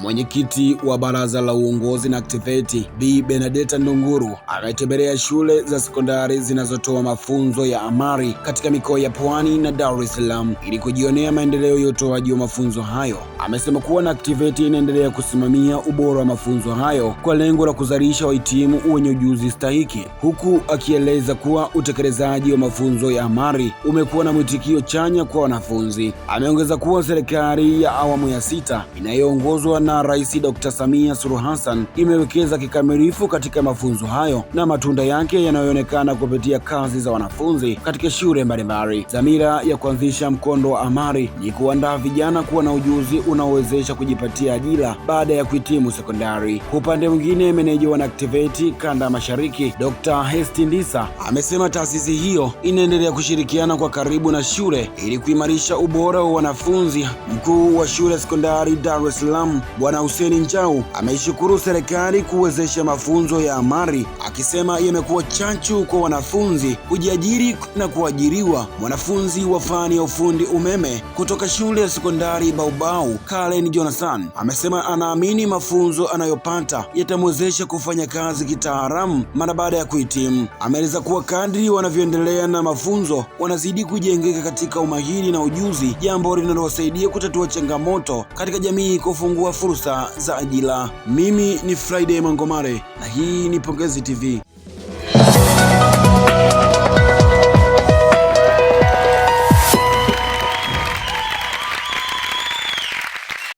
Mwenyekiti wa baraza la uongozi na aktiveti Bi Benedetta Ndunguru ametembelea shule za sekondari zinazotoa mafunzo ya amali katika mikoa ya Pwani na Dar es Salaam ili kujionea maendeleo ya utoaji wa mafunzo hayo. Amesema kuwa na aktiveti inaendelea kusimamia ubora wa mafunzo hayo kwa lengo la kuzalisha wahitimu wenye ujuzi stahiki, huku akieleza kuwa utekelezaji wa mafunzo ya amali umekuwa na mwitikio chanya kwa wanafunzi. Ameongeza kuwa serikali ya awamu ya sita inayoongozwa na Rais Dr. Samia Suluhu Hassan imewekeza kikamilifu katika mafunzo hayo na matunda yake yanayoonekana kupitia kazi za wanafunzi katika shule mbalimbali. Dhamira ya kuanzisha mkondo wa amali ni kuandaa vijana kuwa na ujuzi unaowezesha kujipatia ajira baada ya kuhitimu sekondari. upande mwingine, meneja wa NACTVET kanda ya Mashariki Dr. Hesti Ndisa amesema taasisi hiyo inaendelea kushirikiana kwa karibu na shule ili kuimarisha ubora wa wanafunzi. Mkuu wa shule sekondari Dar es Salaam Bwana Hussein Njau ameishukuru serikali kuwezesha mafunzo ya amali, akisema yamekuwa chachu kwa wanafunzi kujiajiri na kuajiriwa. Mwanafunzi wa fani ya ufundi umeme kutoka shule ya sekondari Baubau, Karen Jonathan amesema anaamini mafunzo anayopata yatamwezesha kufanya kazi kitaalamu mara baada ya kuhitimu. Ameeleza kuwa kadri wanavyoendelea na mafunzo wanazidi kujengeka katika umahiri na ujuzi, jambo linalowasaidia kutatua changamoto katika jamii, kufungua fursa za ajira. Mimi ni Friday Mangomare na hii ni Pongezi TV.